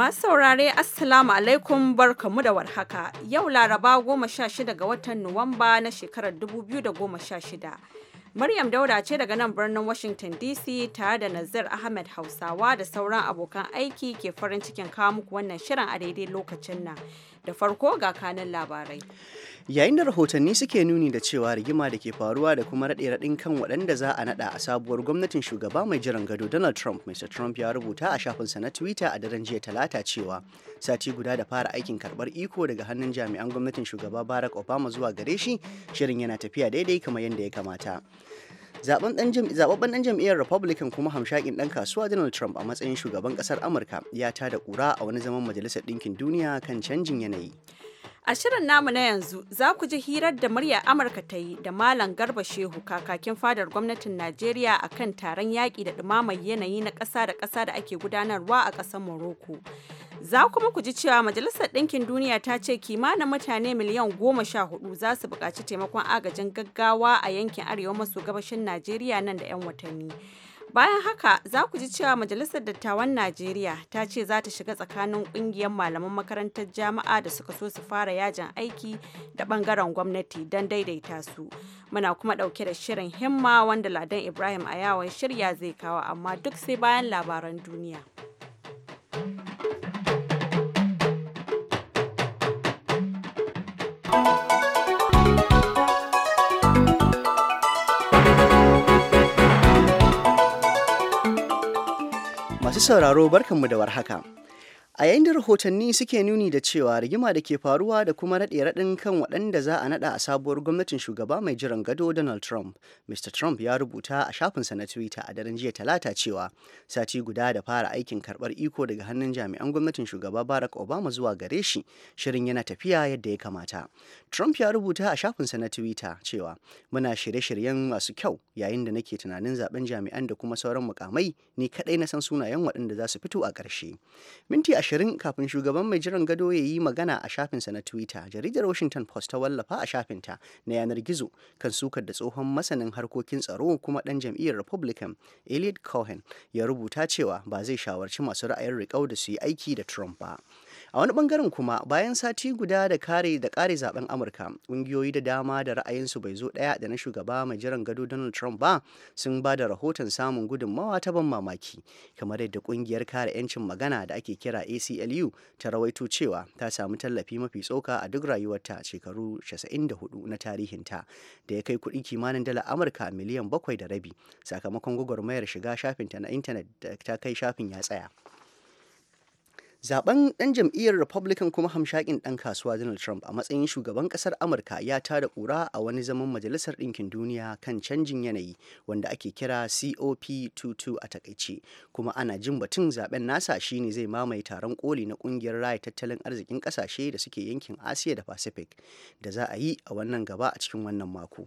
Masu saurare Assalamu alaikum barkamu da warhaka. Yau Laraba goma sha shida ga watan Nuwamba na shekarar 2016. Maryam Dauda ce daga nan birnin Washington DC tare da Nazir Ahmed Hausawa da sauran abokan aiki ke farin cikin kawo muku wannan shirin a daidai lokacin nan. Da farko ga kanin labarai. yayin da rahotanni suke nuni da cewa rigima da ke faruwa da kuma raɗe raɗin kan waɗanda za a naɗa a sabuwar gwamnatin shugaba mai jiran gado donald trump mr trump ya rubuta a shafinsa na twitter a daren jiya talata cewa sati guda da fara aikin karɓar iko daga hannun jami'an gwamnatin shugaba barack obama zuwa gare shi shirin yana tafiya daidai kamar yadda ya kamata zababben dan jam'iyyar republican kuma hamshakin dan kasuwa donald trump a matsayin shugaban kasar amurka ya tada kura a wani zaman majalisar ɗinkin duniya kan canjin yanayi A shirin namu na yanzu za ku ji hirar da murya Amurka ta yi da Malam Garba Shehu kakakin fadar gwamnatin Najeriya a kan taron yaƙi da ɗumamar yanayi na ƙasa da ƙasa da ake gudanarwa a ƙasar Morocco. Za kuma ku ji cewa Majalisar Ɗinkin Duniya ta ce kimanin mutane miliyan goma sha hudu za su buƙaci taimakon agajin gaggawa a yankin arewa maso gabashin Najeriya nan da 'yan watanni. Bayan haka za ku ji cewa Majalisar Dattawan Najeriya ta ce za ta shiga tsakanin kungiyar malaman makarantar Jama'a da suka so su fara yajin aiki da bangaren gwamnati don daidaita su. Muna kuma ɗauke da shirin himma wanda Ladan Ibrahim a yawon shirya zai kawo amma duk sai bayan labaran duniya. sauraro barkanmu da warhaka. a yayin da rahotanni suke nuni da cewa rigima da ke faruwa da kuma raɗe raɗin kan waɗanda za a naɗa a sabuwar gwamnatin shugaba mai jiran gado donald trump mr trump ya rubuta a shafinsa na twitter a daren jiya talata cewa sati guda da fara aikin karɓar iko daga hannun jami'an gwamnatin shugaba barack obama zuwa gare shi shirin yana tafiya yadda ya kamata trump ya rubuta a shafinsa na twitter cewa muna shirye-shiryen masu kyau yayin da nake tunanin zaben jami'an da kuma sauran mukamai ni kaɗai na san sunayen waɗanda za su fito a ƙarshe minti ashirin kafin shugaban mai jiran gado ya yi magana a shafinsa na twitter jaridar washington post ta wallafa a shafinta na yanar gizo kan sukar da tsohon masanin harkokin tsaro kuma dan jam'iyyar republican elliot cohen ya rubuta cewa ba zai shawarci masu ra'ayin riƙau da su yi aiki da trump ba a wani bangaren kuma bayan sati guda da kare da kare zaben amurka ƙungiyoyi da dama da ra'ayinsu bai zo daya da na shugaba mai jiran gado donald trump ba sun ba da rahoton samun gudunmawa ta ban mamaki kamar yadda kungiyar kare 'yancin magana da ake kira aclu ta rawaito cewa ta samu tallafi mafi tsoka a duk rayuwarta shekaru 94 na tarihinta da ya kai kuɗi kimanin dala amurka miliyan bakwai da rabi sakamakon gwagwarmayar shiga shafinta na intanet da ta kai shafin ya tsaya Zaben dan jam'iyyar Republican kuma hamshakin dan kasuwa Donald Trump a matsayin shugaban kasar Amurka ya tada ƙura a wani zaman Majalisar Ɗinkin Duniya kan canjin yanayi wanda ake kira COP22 a takaice, kuma ana jin batun zaben nasa shine zai mamaye taron koli na kungiyar raya tattalin arzikin kasashe da suke yankin Asiya da Pacific da za a yi a wannan gaba a cikin wannan mako.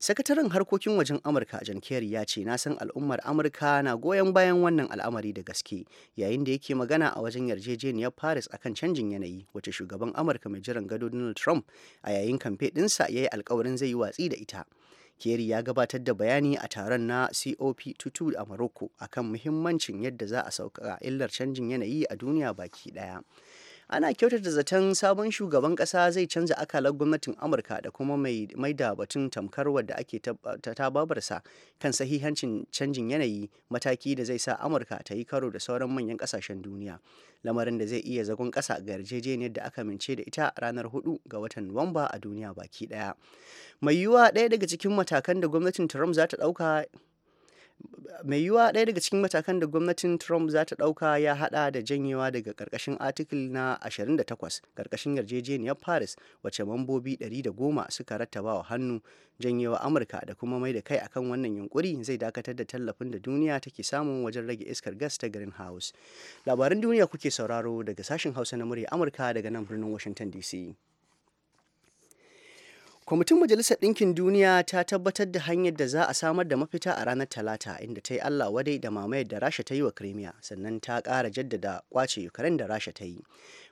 Sakataren harkokin wajen Amurka John Kerry ya ce na san al'ummar Amurka na goyon bayan wannan al'amari da gaske yayin da yake magana a wajen yarjejeniya yarjejeniyar paris akan canjin yanayi wacce shugaban amurka mai jiran gado donald trump a yayin kamfe ɗinsa ya yi alkawarin zai yi watsi da ita Kerry ya gabatar da bayani a taron na COP22 a Morocco akan muhimmancin yadda za a sauka illar canjin yanayi a duniya baki daya. ana kyautata zaton sabon shugaban kasa zai canza akalar gwamnatin amurka da kuma mai da batun tamkar wadda ake tababarsa kan sahihancin canjin yanayi mataki da zai sa amurka ta yi karo da sauran manyan kasashen duniya lamarin da zai iya zagon kasa ga yarjejeniyar da aka mince da ita ranar hudu ga watan nuwamba a duniya baki daya mai yiwuwa ɗaya daga cikin matakan da gwamnatin trump za ta ɗauka mai yiwuwa ɗaya daga cikin matakan da gwamnatin trump za ta ɗauka ya haɗa da janyewa daga ƙarƙashin article na 28 ƙarƙashin yarjejeniyar paris wacce mambobi 110 suka rattaba wa hannu janyewa amurka da kuma mai da kai akan wannan yunkuri zai dakatar da tallafin da duniya take samu wajen rage iskar gas ta greenhouse labaran duniya kuke sauraro daga sashin hausa na murya amurka daga nan birnin washington dc kwamitin majalisar ɗinkin duniya ta tabbatar da hanyar da za a samar da mafita a ranar talata inda ta yi allah wadai da mamayar da rasha ta yi wa crimea sannan ta ƙara jaddada kwace ukraine da rasha ta yi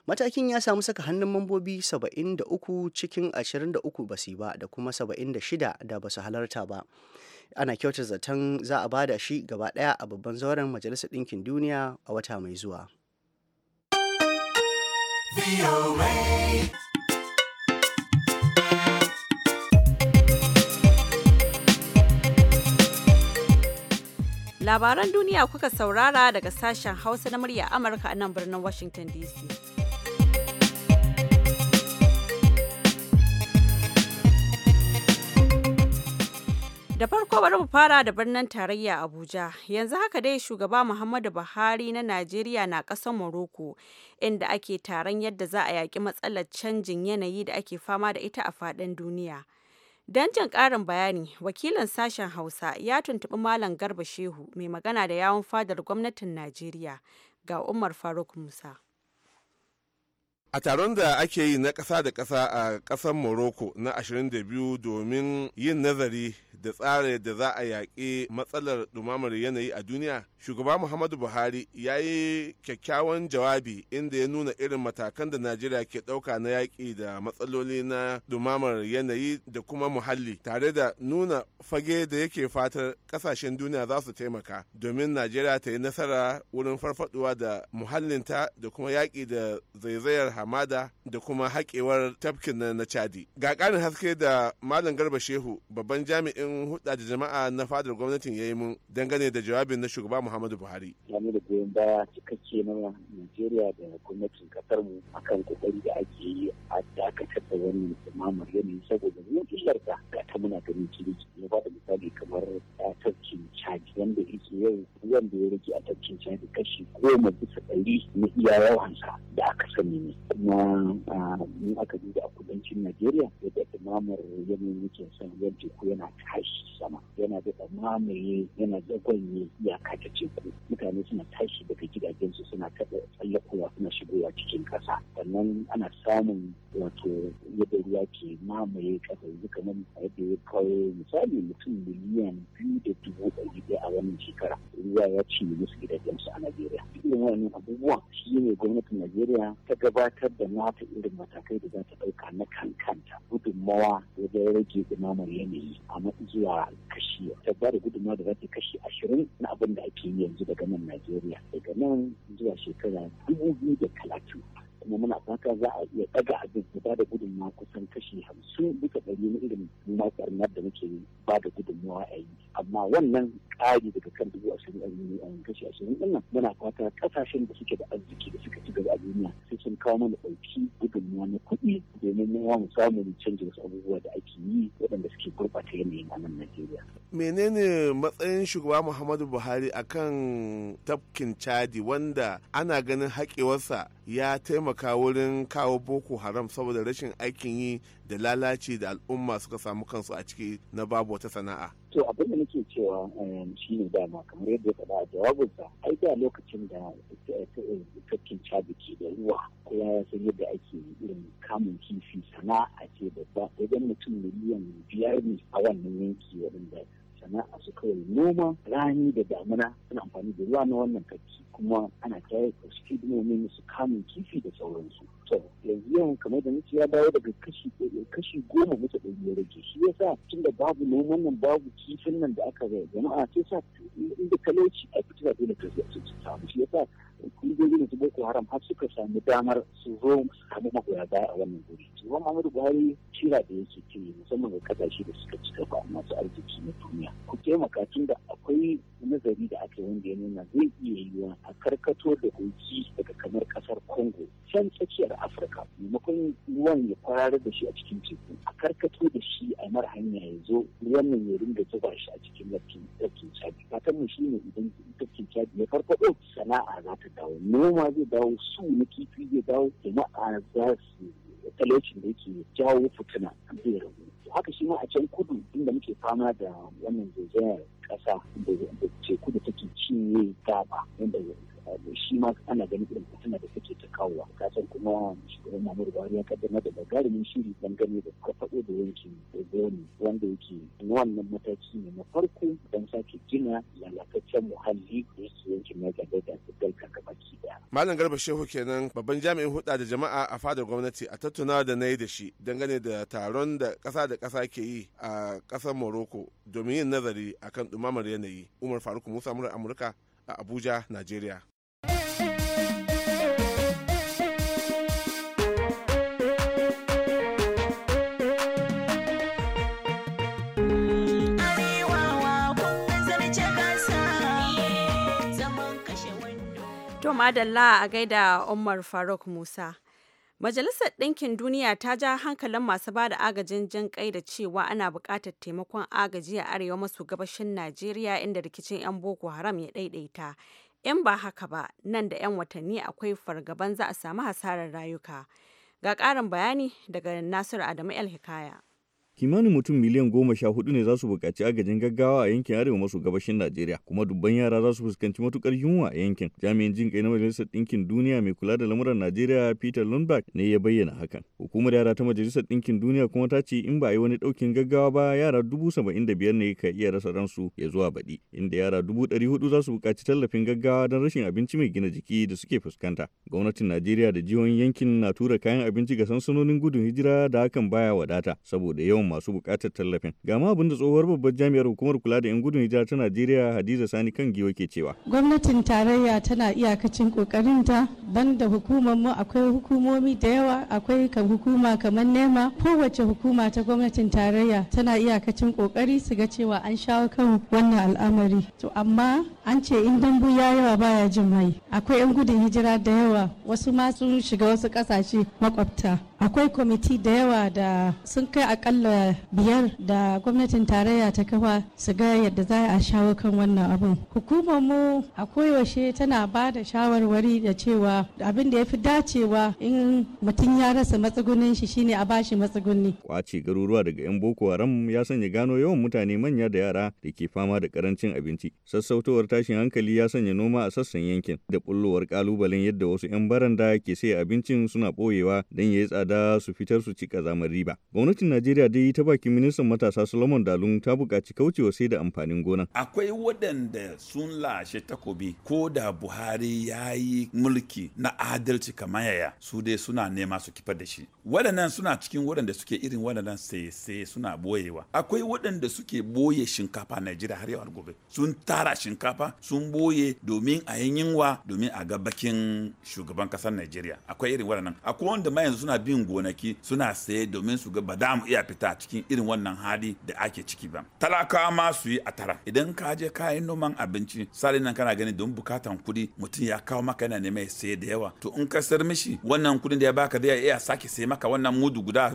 matakin ya samu saka hannun mambobi 73 cikin 23 basu ba da kuma 76 da ba su halarta ba ana kyautar zaton za a bada shi gaba ɗaya a babban zauren majalisar ɗinkin duniya a wata mai zuwa. Labaran duniya kuka saurara daga sashen Hausa na murya Amurka a nan birnin Washington DC. Da farko bari mu fara da birnin tarayya Abuja. Yanzu haka dai shugaba Muhammadu Buhari na Najeriya na ƙasar Morocco inda ake taron yadda za a yaƙi matsalar canjin yanayi da ake fama da ita a faɗin duniya. Don jin karin bayani, wakilin sashen Hausa ya tuntuɓi Malam Garba Shehu mai magana da yawon fadar gwamnatin Najeriya ga Umar Faruk Musa. a taron da ake yi na ƙasa da ƙasa a ƙasar morocco na 22 domin yin nazari da tsara da za a yaƙi matsalar ɗumamar yanayi a duniya shugaba muhammadu buhari ya yi kyakkyawan jawabi inda ya nuna irin matakan da najeriya ke ɗauka na yaƙi da matsaloli na ɗumamar yanayi da kuma muhalli tare da nuna fage da yake fatar ƙasashen duniya za su taimaka domin najeriya ta yi nasara wurin farfaɗuwa da muhallinta da kuma yaƙi da zaizayar hamada da kuma haƙewar tafkin na chadi ga ƙarin haske da malam garba shehu babban jami'in jami'in hudda da jama'a na fadar gwamnatin ya yi mun dangane da jawabin na shugaba Muhammadu Buhari. Game da goyon baya cikakke na Najeriya da gwamnatin kasar mu akan kokari da ake yi a dakatar da wannan mamar yanayi saboda mu illar da ga muna ganin kiriki ya ba da misali kamar tafkin caji wanda yake yau ruwan da ya rage a tafkin caji kashi goma bisa ɗari na iya yawansa da aka sani ne kuma in ah, aka duba a kudancin Najeriya da dumamar yanayin yake son yan teku yana tashi sama yana da mamaye yana gwanye iyaka ta teku mutane suna tashi daga gidajensu suna taɓa tsallakowa suna shigowa cikin ƙasa sannan ana samun wato yadda ruwa ke mamaye ƙasa yanzu kamar yadda ya kawo misali mutum miliyan biyu da dubu ɗari ɗaya a wannan shekara ruwa ya ci musu su a Najeriya. Irin wannan abubuwan shi ne gwamnatin Najeriya ta gabatar da nata irin matakai da za ta ɗauka na kankanta gudunmawa wajen rage ɗumamar yanayi a zuwa kashi ta ba da gudunmawa da za ta kashi ashirin na abin da ake yi yanzu daga nan Najeriya daga nan zuwa shekara dubu biyu da talatin kuma muna fata za a iya daga abin da da gudunmawa kusan kashi hamsin duka ɗari na irin makarnar da muke ba da gudunmawa a yi amma wannan ƙari daga kan dubu ashirin a yi kashi ashirin ɗin nan muna fata ƙasashen da suke da arziki da suka ci gaba a duniya sai sun kawo mana ɗauki gudunmawa na kuɗi domin mu mu samu mu canja wasu abubuwa da ake yi waɗanda suke gurɓata yanayin a nan Najeriya. Menene matsayin shugaba Muhammadu Buhari akan tafkin Chadi wanda ana ganin haƙewarsa ya taimaka wurin kawo boko haram saboda rashin aikin yi da lalaci da al'umma suka samu kansu a ciki na babu wata sana'a to abin da nake cewa um, shi ne dama kamar yadda ya faɗa jawabinsa ai da lokacin da tafkin cabi ke da ruwa kowa ya san yadda ake irin kamun kifi sana'a ce babba wajen mutum miliyan biyar ne a wannan yanki wadanda sana'a su kawai noma rani da damuna suna amfani da ruwa na wannan kaki kuma ana kiyaye su hidimomin su kamun kifi da sauransu to yanzu yawan kamar da nace ya dawo daga kashi kashi goma bisa ɗari ya rage shi yasa tun da babu noman nan babu kifin nan da aka ga jama'a sai sa inda talauci a fita da dole ta samu shi yasa na su boko haram har suka samu damar su zo su samu magoya baya a wannan guri shugaban Muhammadu Buhari kira da yake ke musamman ga kasashe da suka ci gaba masu arziki na duniya. Ku taimaka tun da akwai nazari da aka wanda ya nuna zai iya yiwuwa a karkato da kogi daga kamar kasar Congo can tsakiyar Afirka maimakon ruwan ya farar da shi a cikin teku a karkato da shi a mar hanya ya zo ruwan nan ya ringa zuba shi a cikin lafkin tafkin caji. Fatan mu shi ne idan tafkin caji ya farfaɗo sana'a za ta dawo noma zai dawo su na kifi zai dawo jama'a za su talaucin da yake jawo fitina zai ragu haka shi ma a can kudu inda muke fama da wannan zaizayar ƙasa da ce kudu take cinye gaba wanda shi ma ana ganin irin fitina da take ta kawowa kasan kuma shugaban Muhammadu Buhari ya kaddamar da gagarumin shiri dangane da kafaɗo da yankin Ogoni wanda yake wannan mataki ne na farko don sake gina lalataccen muhalli da yake yankin Niger Delta da Delta gabaki daya. Malam Garba Shehu kenan babban jami'in huɗa da jama'a a fadar gwamnati a tattuna da na yi da shi dangane da taron da kasa da kasa ke yi a ƙasar Morocco domin yin nazari akan dumamar yanayi. Umar Faruk Musa Murar Amurka a Abuja, Najeriya. madalla a gaida Umar Faruk Musa. Majalisar Ɗinkin Duniya ta ja hankalin masu ba da agajin jin kai da cewa ana buƙatar taimakon agaji a arewa maso gabashin Najeriya inda rikicin 'yan Boko Haram ya ɗaiɗaita. In ba haka ba, nan da 'yan watanni akwai fargaban za a samu hasarar rayuka. Ga ƙarin bayani daga Nasiru Adamu El Hikaya. kimanin mutum miliyan goma sha hudu ne za su buƙaci agajin gaggawa a yankin arewa maso gabashin najeriya kuma dubban yara za su fuskanci matukar yunwa a yankin jami'in jin kai na majalisar ɗinkin duniya mai kula da lamuran najeriya peter lundberg ne ya bayyana hakan hukumar yara ta majalisar ɗinkin duniya kuma ta ce in ba a yi wani ɗaukin gaggawa ba yara dubu saba'in da biyar ne ka iya rasa ransu ya zuwa baɗi inda yara dubu ɗari hudu za su buƙaci tallafin gaggawa don rashin abinci mai gina jiki da suke fuskanta gwamnatin najeriya da jihohin yankin na tura kayan abinci ga sansanonin gudun hijira da hakan baya wadata saboda yawan masu buƙatar tallafin. Ga ma tsohuwar babbar jami'ar hukumar kula da 'yan gudun hijira ta Najeriya Hadiza Sani kan giwa ke cewa. Gwamnatin tarayya tana iyakacin ƙoƙarinta banda hukumar mu akwai hukumomi da yawa akwai kan hukuma kamar nema kowace hukuma ta gwamnatin tarayya tana iyakacin kokari su ga cewa an shawo kan wannan al'amari. To amma an ce in dambu ya yawa baya jin mai akwai 'yan gudun hijira da yawa wasu ma sun shiga wasu kasashe makwabta akwai kwamiti da yawa da sun kai akalla biyar da gwamnatin tarayya ta kafa su ga yadda za a shawo kan wannan abin hukumar mu a koyaushe tana ba da shawarwari da cewa abin da ya fi dacewa in mutum ya rasa matsugunin shi shine a bashi matsuguni kwaci garuruwa daga yan boko haram ya sanya gano yawan mutane manya da yara da ke fama da karancin abinci sassautowar tashin hankali ya sanya noma a sassan yankin da bullowar kalubalen yadda wasu yan baranda ke sai abincin suna boyewa don ya yi tsada su fitar su ci kazamar riba. Gwamnatin Najeriya dai ta bakin ministan matasa Solomon Dalun ta buƙaci kaucewa sai da amfanin gona. Akwai waɗanda sun lashe takobi ko da Buhari ya yi mulki na adalci kamar yaya su dai suna nema su kifar da shi. Waɗannan suna cikin waɗanda suke irin waɗannan sese suna boyewa. Akwai waɗanda suke boye shinkafa Najeriya har yau gobe. Sun tara shinkafa sun boye domin a yin yinwa domin a ga bakin shugaban ƙasar Najeriya. Akwai irin waɗannan. Akwai wanda ma yanzu suna bin yin gonaki suna saye domin su ga ba za mu iya fita cikin irin wannan hali da ake ciki ba talakawa ma su yi a tara idan ka je kayan noman abinci sali nan kana gani don bukatan kuɗi mutum ya kawo maka yana neman ya saye da yawa to in ka sayar mishi wannan kuɗin da ya baka zai iya sake saye maka wannan mudu guda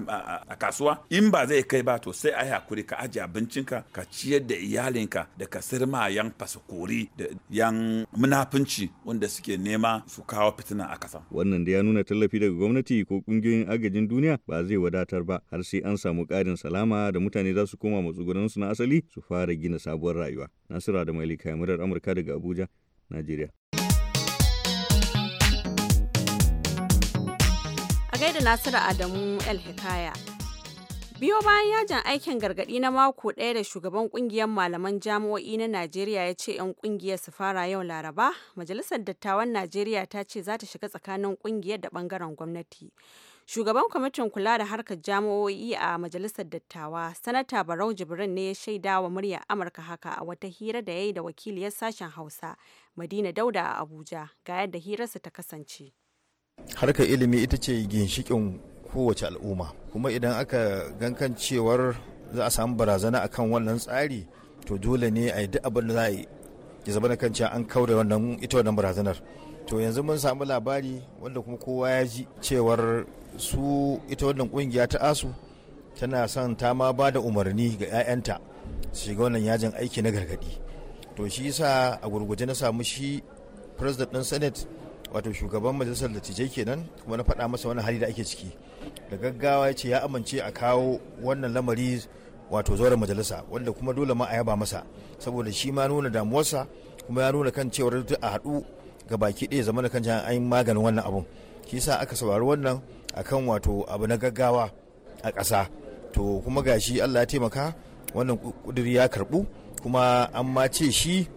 a kasuwa in ba zai kai ba to sai a yi hakuri ka ajiye abincin ka ka ciyar da iyalinka da ka sayar ma yan fasakori da yan munafunci wanda suke nema su kawo fitina a kasa wannan da ya nuna tallafi daga gwamnati ko ƙungiyoyin agajin duniya ba zai wadatar ba har sai an samu ƙarin salama da mutane za su koma su na asali su fara gina sabuwar rayuwa. Nasira da Malika Yamurar Amurka daga Abuja, Najeriya. A gaida Nasiru Adamu El Hikaya. Biyo bayan yajin aikin gargadi na mako ɗaya da shugaban kungiyar malaman jami'o'i na Najeriya ya ce 'yan kungiyar su fara yau Laraba, Majalisar Dattawan Najeriya ta ce za ta shiga tsakanin kungiyar da bangaren gwamnati. Shugaban kwamitin kula da harkar jami'o'i a Majalisar Dattawa, Sanata Barau Jibrin ne ya shaida wa muryar Amurka haka a wata hira da ya yi da wakiliyar sashen Hausa, Madina Dauda a Abuja, ga yadda hirarsa ta kasance. Harkar ilimi ita ce ginshikin kowace al'umma, kuma idan aka gankan cewar za a samu barazana akan wannan tsari, to dole ne a yi duk abin da za a yi ya zama kan cewa an kaure wannan ita wannan barazanar to yanzu mun samu labari wanda kuma kowa ya ji cewar su ita wannan kungiya ta asu tana son ta ma ba da umarni ga 'ya'yanta su shiga wannan yajin aiki na gargadi to shi sa a gurguje na samu shi president din senate wato shugaban majalisar dattijai kenan kuma na faɗa masa wani hali da ake ciki da gaggawa ya ce ya amince a kawo wannan lamari wato zauren majalisa wanda kuma dole ma a yaba masa saboda shi ma nuna damuwarsa kuma ya nuna kan cewar a hadu ga baki ɗaya zama da kan an maganin wannan abun shi sa aka saurari wannan akan wato abu na gaggawa a ƙasa to kuma gashi allah ya taimaka wannan kuduri ya karbu kuma an ma ce shi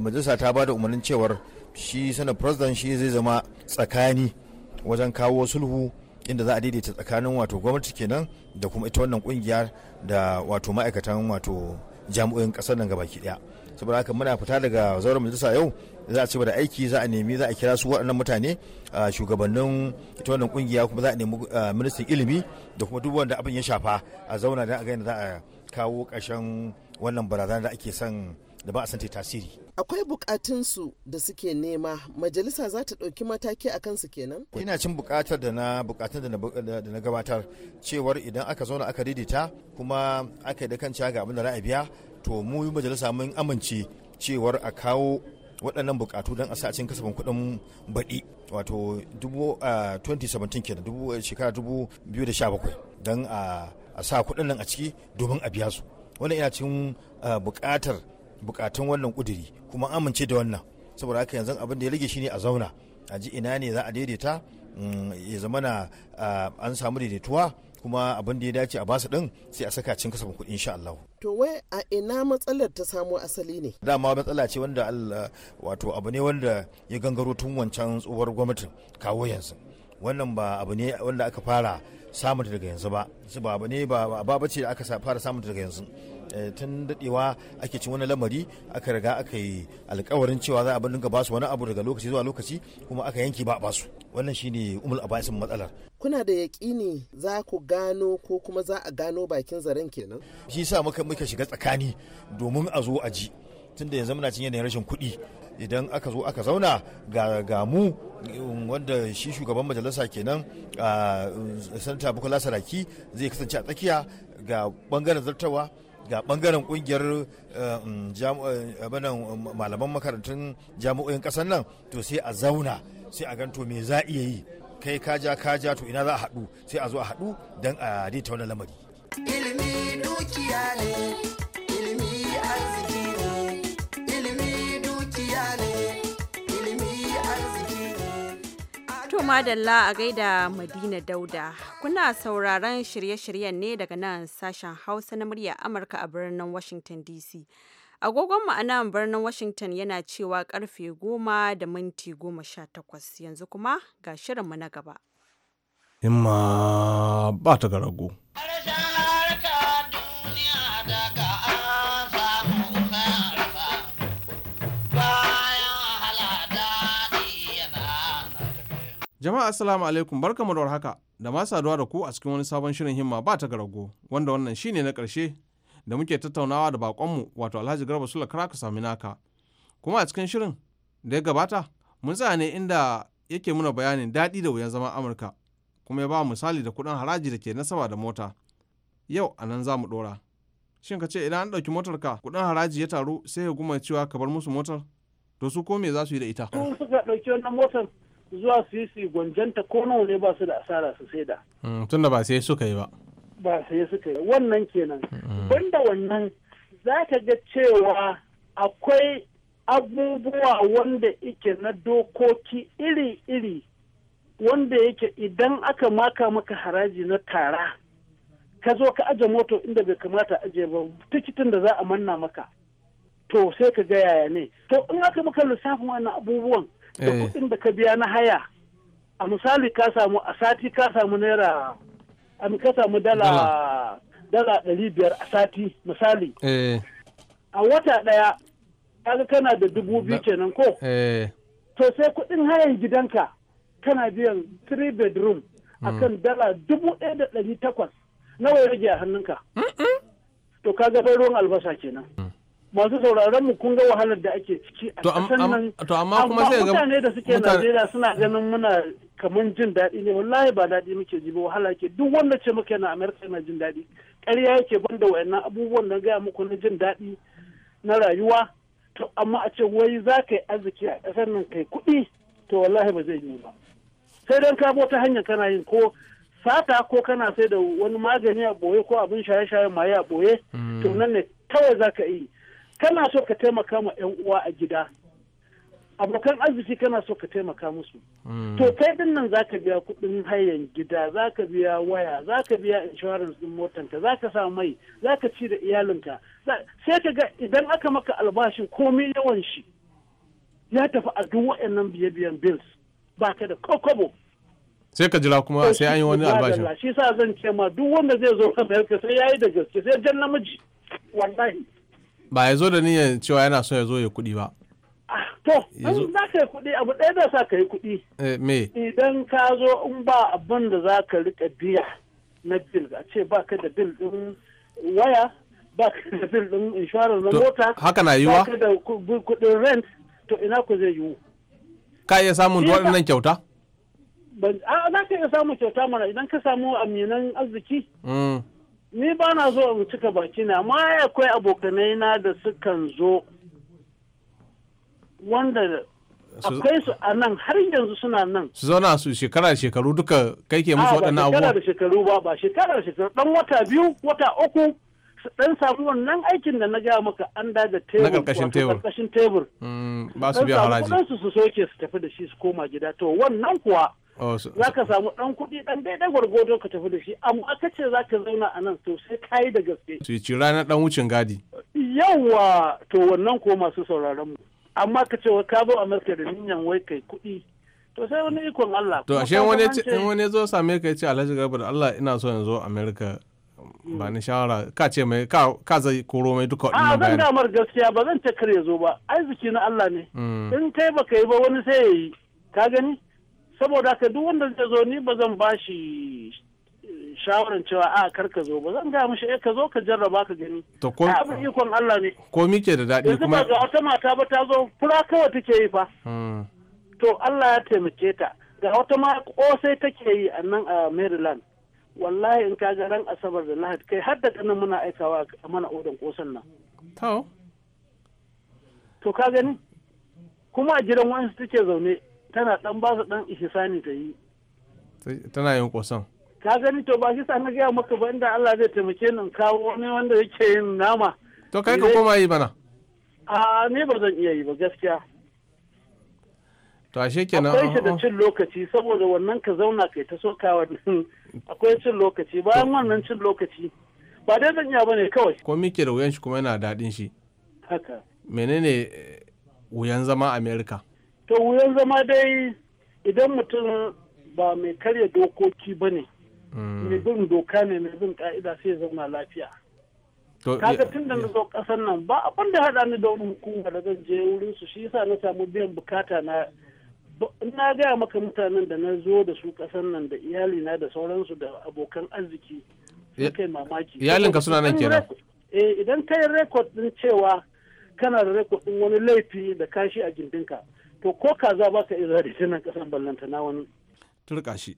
majalisa ta ba da umarnin cewar shi sanar president shi zai zama tsakani wajen kawo sulhu inda za a daidaita tsakanin wato gwamnati kenan da kuma ita wannan kungiyar da wato ma'aikatan wato jami'o'in ƙasar nan gabaki daya saboda haka muna fita daga zauren majalisa yau za a ci da aiki za a nemi za a kira su waɗannan mutane shugabannin ita wannan kungiya kuma za a nemi ministan ilimi da kuma duk wanda abin ya shafa a zauna da a ga za a kawo ƙarshen wannan barazana da ake son da ba a san tasiri. Akwai bukatunsu da suke nema majalisa za ta ɗauki mataki a kansu kenan? Ina cin bukatar da na bukatar da na gabatar cewar idan aka zauna aka daidaita kuma aka yi da kan ga abin da ra'ayi biya to mu majalisa mun amince cewar a kawo waɗannan bukatu don a sa cikin kasafin kuɗin baɗi wato 2017 kenan shekara 2017 don a sa kuɗin nan a ciki domin a biya su wannan ina cikin bukatar bukatun wannan kuduri kuma amince da wannan saboda haka yanzu abin da ya rage ne a zauna a ji ina ne za a daidaita mm, ya zama na an samu daidaituwa kuma abin da ya dace a basu din sai a saka cin kasafin kuɗi insha Allah to wai a ina matsalar ta samo asali ne dama matsala ce wanda Allah wato abu ne wanda ya gangaro tun wancan tsohuwar gwamnatin kawo yanzu wannan ba abu ne wanda aka fara samun daga yanzu ba ba abu ne ba ba ce da aka fara samun daga yanzu Eh, tun dadewa ake cin wani lamari aka riga aka yi alkawarin cewa za a dinga basu wani abu daga lokaci zuwa lokaci kuma aka yanki ba basu wannan shine umul abaisin matsalar kuna da yaƙini za ku gano ko kuma za a gano bakin zaren kenan shi sa muka muka shiga tsakani domin a zo a ji tunda yanzu muna cin yanayin rashin kuɗi idan aka zo aka zauna ga ga mu um, wanda shi shugaban majalisa kenan a ah, um, sanata bukola saraki zai kasance a tsakiya ga bangaren zartawa ga bangaren kungiyar eh, mm, eh, mm, malaman makarantun jami'o'in kasar nan to sai a zauna sai a ganto me za iya yi kai kaja kaja to ina za a haɗu sai a zo a haɗu don a daita wani lamari ilimi dukiya ne madalla a gaida Madina Dauda. Kuna sauraron shirye-shiryen ne daga nan sashen Hausa na murya Amurka a birnin Washington DC. mu a nan birnin Washington yana cewa karfe goma da minti goma sha takwas yanzu kuma ga shirinmu na gaba. ma ba ta garago. Jama'a assalamu alaikum barkamu da warhaka da ma saduwa da ku a cikin wani sabon shirin himma ba ta garago wanda wannan shine na ƙarshe da muke tattaunawa da bakonmu wato Alhaji Garba Sula sami naka Kuma a cikin shirin da ya gabata mun tsaya ne inda yake muna bayanin daɗi da wuyan zaman Amurka kuma ya ba misali da kuɗin haraji da ke nasaba da mota. Yau a nan za mu ɗora. Shin ka ce idan an ɗauki motarka kuɗin haraji ya taru sai ya guma cewa ka bar musu motar? To su ko me za su yi da ita? zuwa su yi su gwanjanta ko nawa ne ba su da asara su saida. Mm, da ba sai suka yi ba. ba sai suka yi wannan kenan. Mm. banda wannan za ka ga cewa akwai abubuwa wanda ike na dokoki iri-iri wanda yake idan aka maka maka haraji na tara ka zo ka aje moto inda bai kamata aje ba tikitin da za a manna maka to sai ka ga yaya ne to in aka maka lissafin wannan abubuwan da eh. kuɗin da ka biya na haya a misali ka samu a sati ka samu naira a ka samu dala dala ɗari biyar a sati misali eh. a wata ɗaya kaga kana da dubu biyu kenan ko eh. to sai kuɗin hayan gidanka kana biyan 3 bedroom akan mm. dala dubu ɗaya da ɗari takwas nawa ya rage a hannunka to kaga ruwan albasa kenan. Mm. masu sauraron mu kun ga wahalar da ake ciki a kasan nan to amma kuma sai ga mutane da suke Najeriya suna ganin muna kamar jin daɗi ne wallahi ba daɗi muke ji ba wahala ke duk wanda ce muke na America na jin daɗi ƙarya yake banda wayannan abubuwan da gaya muku na jin daɗi na rayuwa to amma a ce wai za ka yi arziki a ƙasar nan kai kuɗi to wallahi ba zai yi ba sai dan ka ta hanya kana yin ko sata ko kana sai da wani magani a boye ko abin shaye-shaye maye a boye to hmm. nan ne kawai za ka yi kana so ka taimaka ma 'yan uwa a gida abokan arziki kana so ka taimaka musu mm. to kai din nan zaka biya kudin hayan gida zaka biya waya zaka biya insurance din motanka zaka sa mai zaka ci da iyalinka sai ka ga idan aka maka albashin komai yawan shi ya tafi a duk waɗannan biye-biyen bills ka da kokobo sai ka jira kuma sai an yi wani albashin shi sa zan ce ma duk wanda zai zo ka sai yayi da gaske sai jan namiji wallahi ba ya zo da niyan cewa yana so ya zo ya kuɗi ba ah, to in za ka yi kuɗi abu ɗaya da sa ka yi kuɗi eh, me idan ka zo in ba abin da za ka riƙa biya na bil a ce ba ka da bil ɗin waya ba ka da bil ɗin inshorar na mota haka na yiwa ba ka da kuɗin rent to ina ku zai yiwu ka iya samun waɗannan kyauta ba za ka iya samun kyauta mana idan ka samu aminan arziki mm. ni ba na so in cika baki na amma akwai abokanai na da sukan zo wanda akwai su a nan har yanzu suna nan su zauna su shekara shekaru duka kai ke musu waɗannan abubuwa ba shekara da shekaru ba ba shekara da shekaru dan wata biyu wata uku su dan samu wannan aikin da na gaya maka an da da tebur na karkashin tebur mm, ba su biya haraji su su soke su tafi da shi su koma gida to wannan kuwa Oh, za ka samu ɗan kuɗi ɗan daidai gwargwado ka tafi da shi amma ka ce za ka zauna a nan to sai ka yi da gaske. su ci ranar ɗan wucin gadi. Yawwa to wannan ko masu sauraron mu amma ka ce ka zo a maka da niyan wai kai kuɗi to sai wani ikon Allah. to ashe wani zo same ka ce alhaji gabar Allah ina so in zo America ba ni shawara ka ce mai ka zai koro mai duka wannan bayan. a zan damar gaskiya ba zan ce kare ya zo ba arziki na Allah ne mm. in kai baka yi ba wani sai ya yi ka gani saboda ka duk wanda zai zo ni ba zan ba shi eh, shawarar cewa a kar ka zo ba zan ga mishi eh ka zo ka jarraba ka gani to ko abin ikon Allah ne ko mike da dadi kuma yanzu ga wata mata ba ta zo fura kawai take yi fa hmm. to Allah ya taimake ta ga wata ma kosai take yi a nan a Maryland wallahi in ka ga ran asabar da lahadi kai har da ganin muna aikawa a mana odon kosan nan to ka gani kuma a gidan wani take zaune tana dan ba su dan ihsani ta yi tana yin kosan ka gani to ba shi sa na gaya maka ba inda Allah zai taimake ni kawo wani wanda yake yin nama to kai ka koma yi bana a ne ba zan iya yi ba gaskiya to ashe kenan akwai shi da cin lokaci saboda wannan ka zauna kai ta soka wannan akwai cin lokaci bayan wannan cin lokaci ba dai zan iya bane kawai ko mike da wuyan shi kuma yana daɗin shi haka menene eh, wuyan zama america to wuyan zama dai idan mutum ba mai karya dokoki ba ne mm. mai bin doka ne mai bin ka'ida sai zama zauna lafiya kaga eh, tun da na eh. zo kasar nan ba abin da haɗa ni da wani hukuma da zan je wurin su shi yasa na samu biyan bukata na na gaya maka mutanen da na zo da su kasar nan da iyalina da sauransu da abokan arziki sun kai mamaki iyalinka suna nan kenan eh, idan kai rekod din cewa kana da rekod din wani laifi da kashi a gindinka to ko kaza ba ka iya da nan kasan na wani turka shi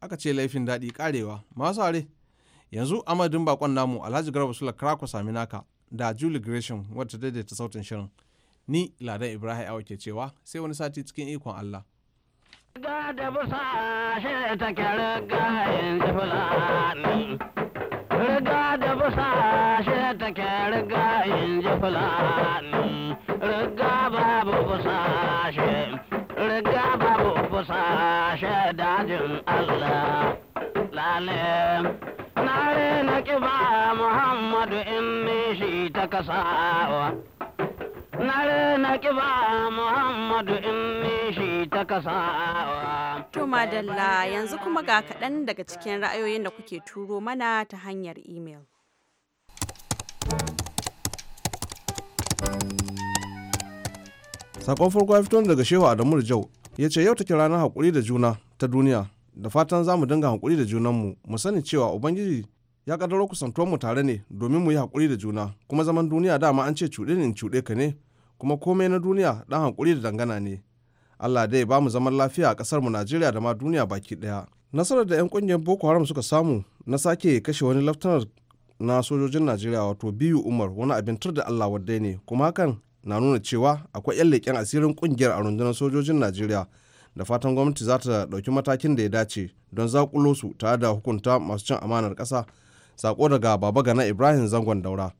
aka ce laifin daɗi karewa masu are yanzu amadin bakon namu alhaji garba sula krako sami naka da Juli gresham wata daidaita sautin shirin ni ladan ibrahim awa ke cewa sai wani sati cikin ikon allah Riga da busa shi riga Riga da busa shi riga riga babu busashe riga babu busashe dajin Allah lale na na kiba Muhammadu ta kasawa na kiba Muhammadu in shi ta kasawa to madalla yanzu kuma ga kaɗan daga cikin ra'ayoyin da kuke turo mana ta hanyar imel sakon farko ya fito daga shehu adamu jau ya ce yau take ranar hakuri da juna ta duniya da fatan za mu dinga hakuri da junanmu mu sani cewa ubangiji ya ku kusantuwar mu tare ne domin mu yi hakuri da juna kuma zaman duniya dama an ce cuɗe ni cuɗe ka ne kuma komai na duniya dan hakuri da dangana ne Allah dai ba mu zaman lafiya a ƙasar mu Najeriya da ma duniya baki ɗaya nasarar da 'yan ƙungiyar Boko Haram suka samu na sake kashe wani laftanar na sojojin Najeriya wato biyu Umar wani abin tur da Allah wadda ne kuma hakan na nuna cewa akwai 'yan leƙen asirin ƙungiyar a rundunar sojojin najeriya da fatan gwamnati za ta ɗauki matakin da ya dace don zaƙulo su tare da hukunta masu cin amanar ƙasa saƙo daga baba gana ibrahim zangon daura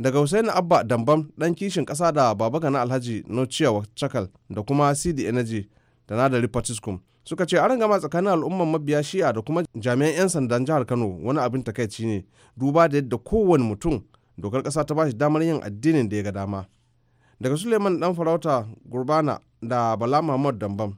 daga Hussaini abba dambam ɗan kishin ƙasa da baba gana alhaji nociya cakal da kuma cd energy da nadari patiskum suka ce an gama tsakanin al'umman mabiya shi'a da kuma jami'an 'yan sandan jihar kano wani abin takaici ne duba da yadda kowane mutum dokar ƙasa ta ba damar yin addinin da ya ga dama daga suleiman dan farauta gurbana da bala mahmud dambam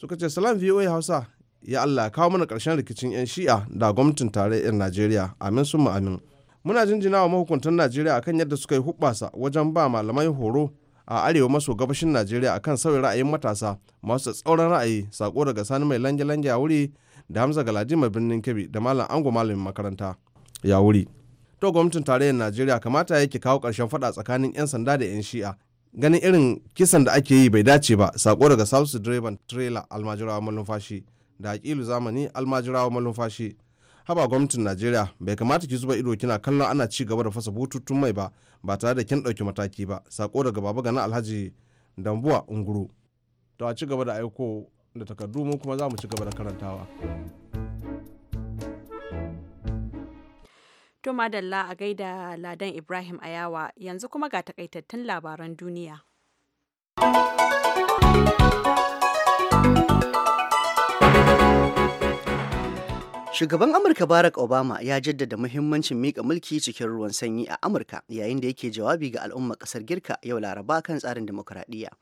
suka ce salam voa hausa ya allah kawo mana karshen rikicin yan shi'a da gwamnatin tarayyar najeriya amin sun amin muna jinjina wa mahukuntan najeriya akan yadda suka yi hubbasa wajen ba malamai horo a arewa maso gabashin najeriya akan sauyin ra'ayin matasa masu tsauran ra'ayi sako daga sani mai lange-lange a wuri da hamza galadima birnin kebbi da malam ango malamin makaranta ya wuri to gwamnatin tarayyar najeriya kamata yake kawo karshen faɗa tsakanin 'yan sanda da 'yan shi'a ganin irin kisan da ake yi bai dace ba sako daga south direban trailer almajirawa malumfashi da aƙilu zamani almajirawa malumfashi haba gwamnatin najeriya bai kamata ki zuba ido kina kallon ana ci gaba da fasa bututun mai ba ba tare da kin ɗauki mataki ba sako daga baba gana alhaji dambuwa unguru to a ci gaba da aiko da takardu mu kuma za mu ci gaba da karantawa To madalla a gaida Ladan Ibrahim Ayawa yanzu kuma ga takaitattun labaran duniya. Shugaban Amurka Barack Obama ya jaddada muhimmancin mika mulki cikin ruwan sanyi a Amurka yayin da yake jawabi ga al'umma kasar Girka yau Laraba kan tsarin demokuraɗiyya.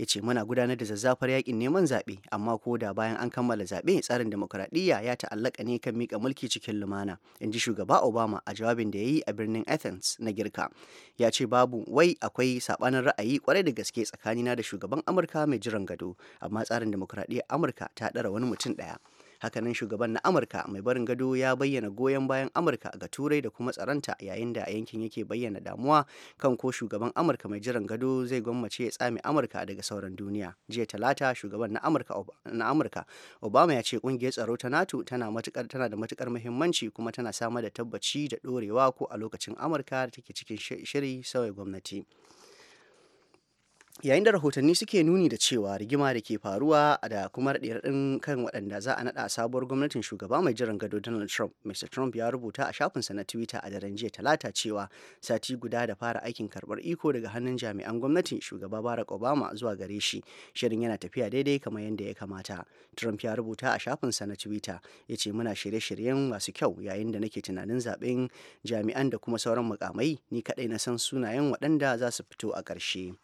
ya ce muna gudanar da zazzafar yakin neman zaɓe amma ko da bayan an kammala zaɓe tsarin demokuraɗiyya ya ta'allaka ne kan miƙa mulki cikin lumana in ji shugaba obama a jawabin da ya yi a birnin athens na girka ya ce babu wai akwai saɓanin ra'ayi kwarai da gaske tsakanina da shugaban amurka mai jiran gado amma tsarin demokuraɗiyyar amurka ta ɗara wani mutum ɗaya hakanan shugaban na amurka mai barin gado ya bayyana goyon bayan amurka ga turai da kuma tsaranta yayin da a yankin yake bayyana damuwa kan ko shugaban amurka mai jiran gado zai gwammace ya tsame amurka daga sauran duniya jiya talata shugaban na amurka obama ya ce kungiyar tsaro ta nato tana tana da matukar muhimmanci kuma tana samar da tabbaci da ɗorewa ko a lokacin amurka da take cikin shiri sauya gwamnati yayin da rahotanni suke nuni da cewa rigima da ke faruwa da kuma raɗe kan waɗanda za a naɗa sabuwar gwamnatin shugaba mai jiran gado donald trump mr trump ya rubuta a shafinsa na twitter a daren jiya talata cewa sati guda da fara aikin karɓar iko daga hannun jami'an gwamnatin shugaba barack obama zuwa gare shi shirin yana tafiya daidai kamar yadda ya kamata trump ya rubuta a shafinsa na twitter ya ce muna shirye-shiryen masu kyau yayin da nake tunanin zaɓen jami'an da kuma sauran mukamai ni kaɗai na san sunayen waɗanda za su fito a ƙarshe.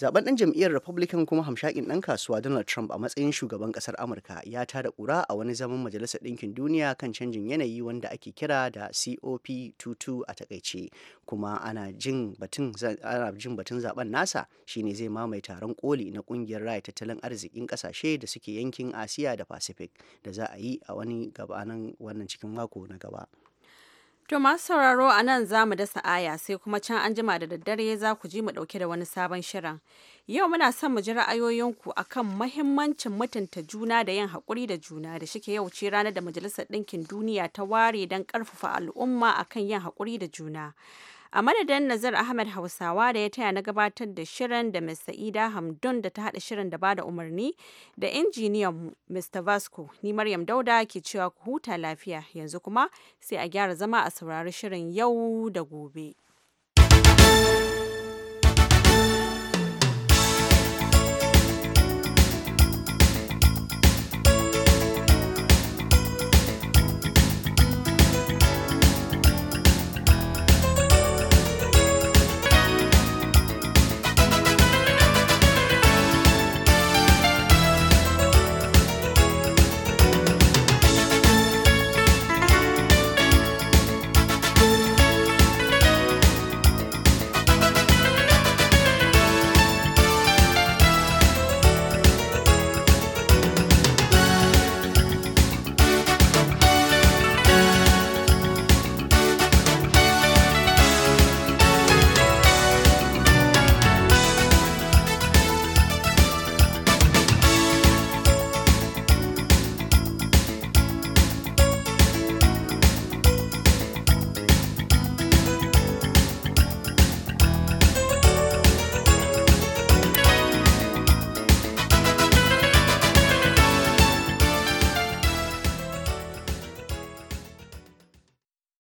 zaben dan jam'iyyar republican kuma hamshakin ɗan kasuwa donald trump a matsayin shugaban ƙasar amurka ya tada kura a wani zaman majalisar ɗinkin duniya kan canjin yanayi wanda ake kira da cop22 a takaice kuma ana jin batun zaben nasa shine zai mamaye taron koli na ƙungiyar raya tattalin arzikin ƙasashe da suke yankin asiya da pacific da za a yi a wani gabanin wannan cikin mako na gaba. To masu sauraro a nan za mu dasa aya sai kuma can an jima da daddare za ku ji mu ɗauke da wani sabon shirin. Yau muna son mu ji ra'ayoyinku a kan mahimmancin mutunta juna da yin haƙuri da juna da shike yau ce ranar da Majalisar Ɗinkin Duniya ta ware don ƙarfafa al'umma a kan yin haƙuri da juna. a madadin nazar ahmed hausawa da ya taya na gabatar da shirin da mr ida hamdun da ta haɗa shirin da ba da umarni da injiniyan mr vasco ni maryam dauda ke cewa ku huta lafiya yanzu kuma sai a gyara zama a saurari shirin yau da gobe